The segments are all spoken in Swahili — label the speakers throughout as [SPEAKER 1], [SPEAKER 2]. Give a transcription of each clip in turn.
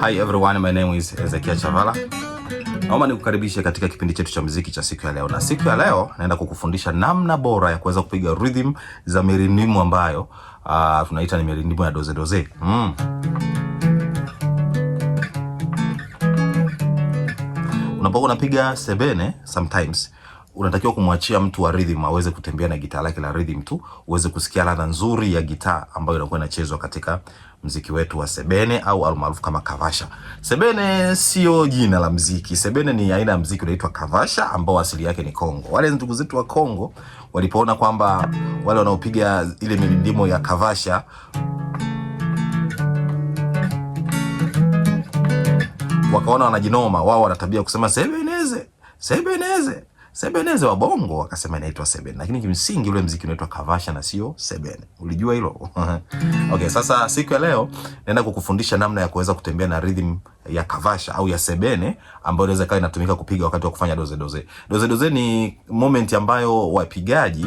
[SPEAKER 1] Hi everyone, my name is Ezekiel Chavala. Naomba nikukaribishe katika kipindi chetu cha muziki cha siku ya leo, na siku ya leo naenda kukufundisha namna bora ya kuweza kupiga rhythm za mirindimu ambayo uh, tunaita ni mirindimu ya doze doze. Mm. Unapokuwa unapiga sebene sometimes unatakiwa kumwachia mtu wa rhythm aweze kutembea na gitaa lake la rhythm tu uweze kusikia ladha nzuri ya gitaa ambayo inakuwa inachezwa katika mziki wetu wa sebene au almaarufu kama kavasha. Sebene sio jina la mziki. Sebene ni aina ya mziki unaitwa kavasha ambao asili yake ni Kongo. Wale ndugu zetu wa Kongo walipoona kwamba wale wanaopiga ile milindimo ya kavasha wakaona wanajinoma, wao wanatabia kusema sebeneze sebeneze Sebeneze wa Bongo wakasema inaitwa Sebene, lakini kimsingi ule mziki unaitwa Kavasha na sio Sebene. Ulijua hilo? Okay, sasa siku ya leo naenda kukufundisha namna ya kuweza kutembea na rhythm ya Kavasha au ya Sebene ambayo inaweza kawa inatumika kupiga wakati wa kufanya doze doze. Doze doze ni moment ambayo wapigaji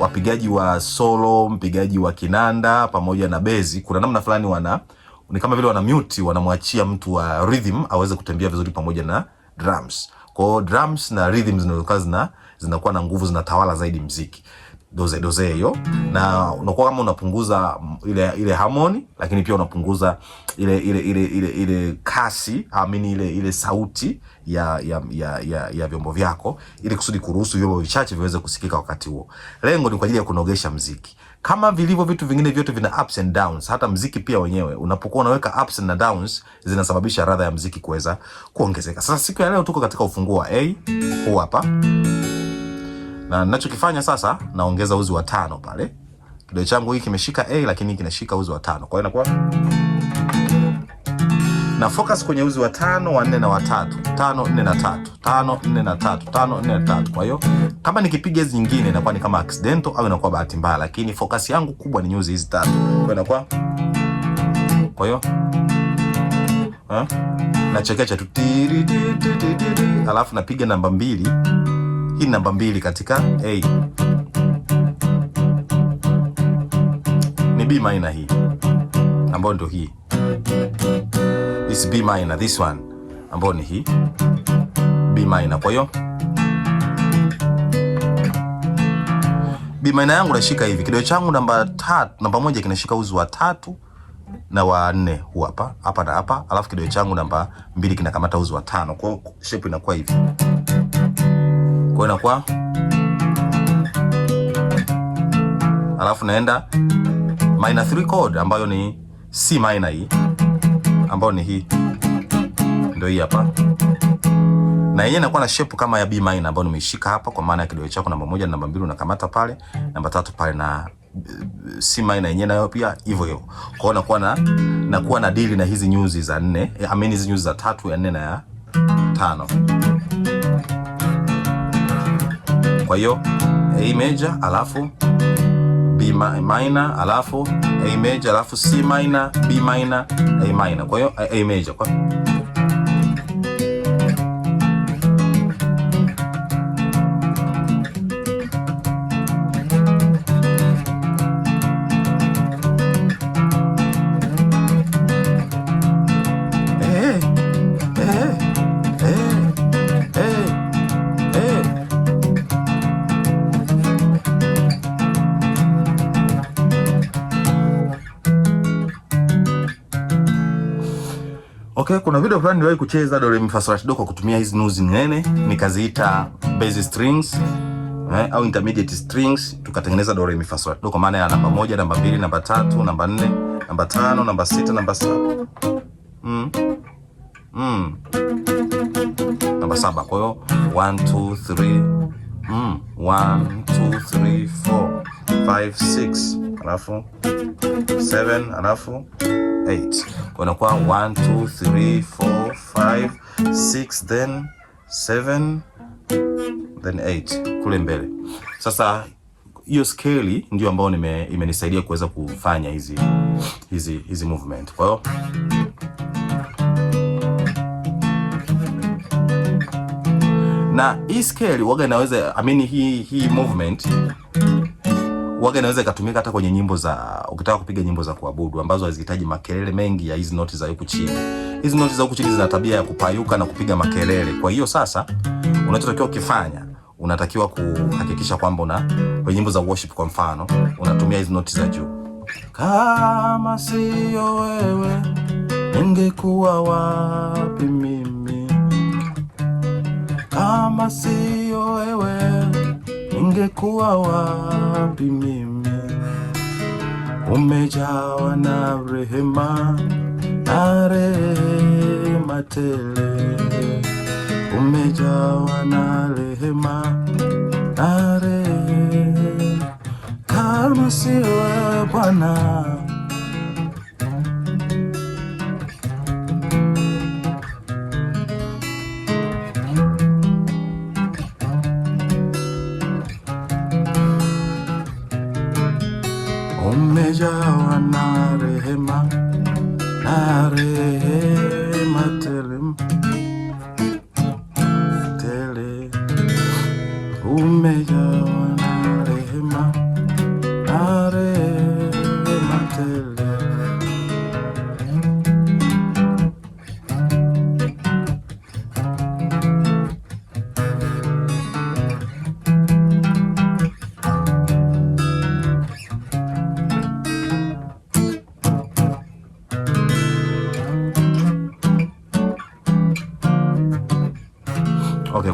[SPEAKER 1] wapigaji wa solo, mpigaji wa kinanda pamoja na bezi, kuna namna fulani wana ni kama vile wana mute, wanamwachia mtu wa rhythm aweze kutembea vizuri pamoja na drums. Kwa drums na rhythms zinazokuwa zina zinakuwa na nguvu zinatawala zaidi mziki. Doze doze hiyo na unakuwa kama unapunguza ile ile harmony, lakini pia unapunguza ile ile ile ile, ile kasi amini ile ile sauti ya ya ya, ya, ya vyombo vyako ili kusudi kuruhusu vyombo vichache viweze kusikika wakati huo. Lengo ni kwa ajili ya kunogesha mziki. Kama vilivyo vitu vingine vyote vina ups and downs, hata mziki pia wenyewe unapokuwa unaweka ups na downs zinasababisha radha ya mziki kuweza kuongezeka. Sasa siku ya leo tuko katika ufunguo wa A huu hapa, na ninachokifanya sasa, naongeza uzi wa tano pale. Kidole changu hiki kimeshika A, lakini kinashika uzi wa tano, kwa hiyo inakuwa na focus kwenye uzi wa tano, wa nne na watatu, tano nne na tatu, tano nne na tatu, tano nne na tatu. Kwa hiyo kama nikipiga hizi nyingine inakuwa ni kama accidental au inakuwa bahati mbaya, lakini focus yangu kubwa ni nyuzi hizi tatu, kwa inakuwa kwa hiyo nachekecha tu tiri alafu napiga namba mbili. Hii ni namba mbili katika A ni B minor hii ambayo ndio hii This B minor, this one ambayo ni hii B minor. Kwa hiyo B minor yangu nashika hivi, kidole changu namba tatu, namba moja kinashika uzi wa tatu na wa nne huu hapa hapa na hapa, alafu kidole changu namba mbili kinakamata uzi wa tano. Kwa hiyo shape inakuwa hivi, kwa inakuwa alafu naenda minor 3 chord ambayo ni C minor hii ambayo ni hii, ndio hii hapa, na yenyewe inakuwa na shape kama ya B minor ambayo nimeishika hapa, kwa maana ya kidole chako namba moja na namba mbili unakamata pale, namba tatu pale na eh, C minor yenyewe nayo pia hivyo hivyo. Kwa hiyo nakuwa na nakuwa na deal na hizi nyuzi za nne, eh, I mean hizi nyuzi za tatu, ya nne na ya tano. Kwa hiyo A major alafu B minor, alafu A major, alafu C minor, B minor, A minor. Kwa hiyo A major kwa Okay, kuna video fulani niliwahi kucheza dole re mi fa sol do kwa kutumia hizi nuzi nene nikaziita base strings eh, au intermediate strings tukatengeneza dole re mi fa sol do kwa maana ya namba moja, namba mbili, namba tatu, namba nne, namba tano, namba sita, namba saba. Mm. Mm. Namba saba. Kwa hiyo 1 2 3. Mm. 1 2 3 4 5 6. Alafu 7 alafu 8 wanakuwa 1 2 3 4 5 6 then 7 then 8 kule mbele. Sasa hiyo scale ndio ambayo imenisaidia kuweza kufanya hizi hizi hizi movement. Kwa hiyo na hii scale waga inaweza I mean, hii hii movement waga inaweza ikatumika hata kwenye nyimbo za ukitaka kupiga nyimbo za kuabudu ambazo hazihitaji makelele mengi ya hizi noti za huku chini. Hizi noti za huku chini zina tabia ya kupayuka na kupiga makelele. Kwa hiyo sasa, unachotakiwa kufanya unatakiwa kuhakikisha kwamba una kwenye nyimbo za worship, kwa mfano, unatumia hizi noti za juu.
[SPEAKER 2] Kama siyo wewe ningekuwa wapi mimi? Kama siyo wewe ningekuwa wapi mimi? Umejawa na rehema na rehema tele, umejawa na rehema na rehema. Kama siwe Bwana 봄의 자와 나를 해마 나를 해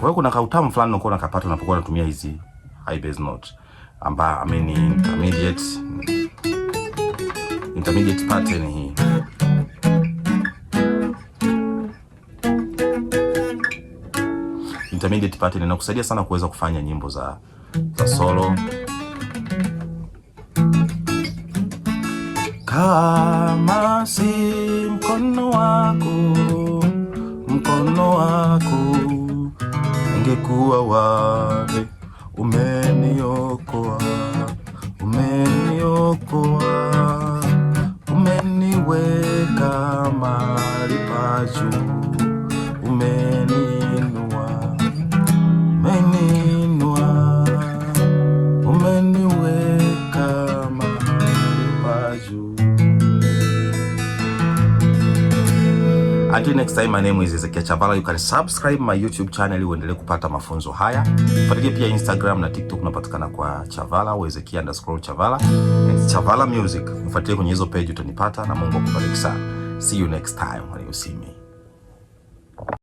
[SPEAKER 1] Kwa hiyo kuna kautamu fulani unakuwa unakapata unapokuwa unatumia hizi high bass note ambayo I mean intermediate intermediate pattern hii. Intermediate pattern inakusaidia sana kuweza kufanya nyimbo za za solo.
[SPEAKER 2] Kama si mkono wako, mkono wako kuwa wake. Umeniokoa, umeniokoa, umeniweka mahali pa juu
[SPEAKER 1] Until next time, my name is Ezekiel Chavala. You can subscribe my YouTube channel uendelee kupata mafunzo haya. Fuatilia pia Instagram na TikTok unapatikana kwa Chavala au Ezekiel underscore Chavala. Chavala Music. Mfuatilie kwenye hizo page utanipata na Mungu akubariki sana. See you next time. When you see me.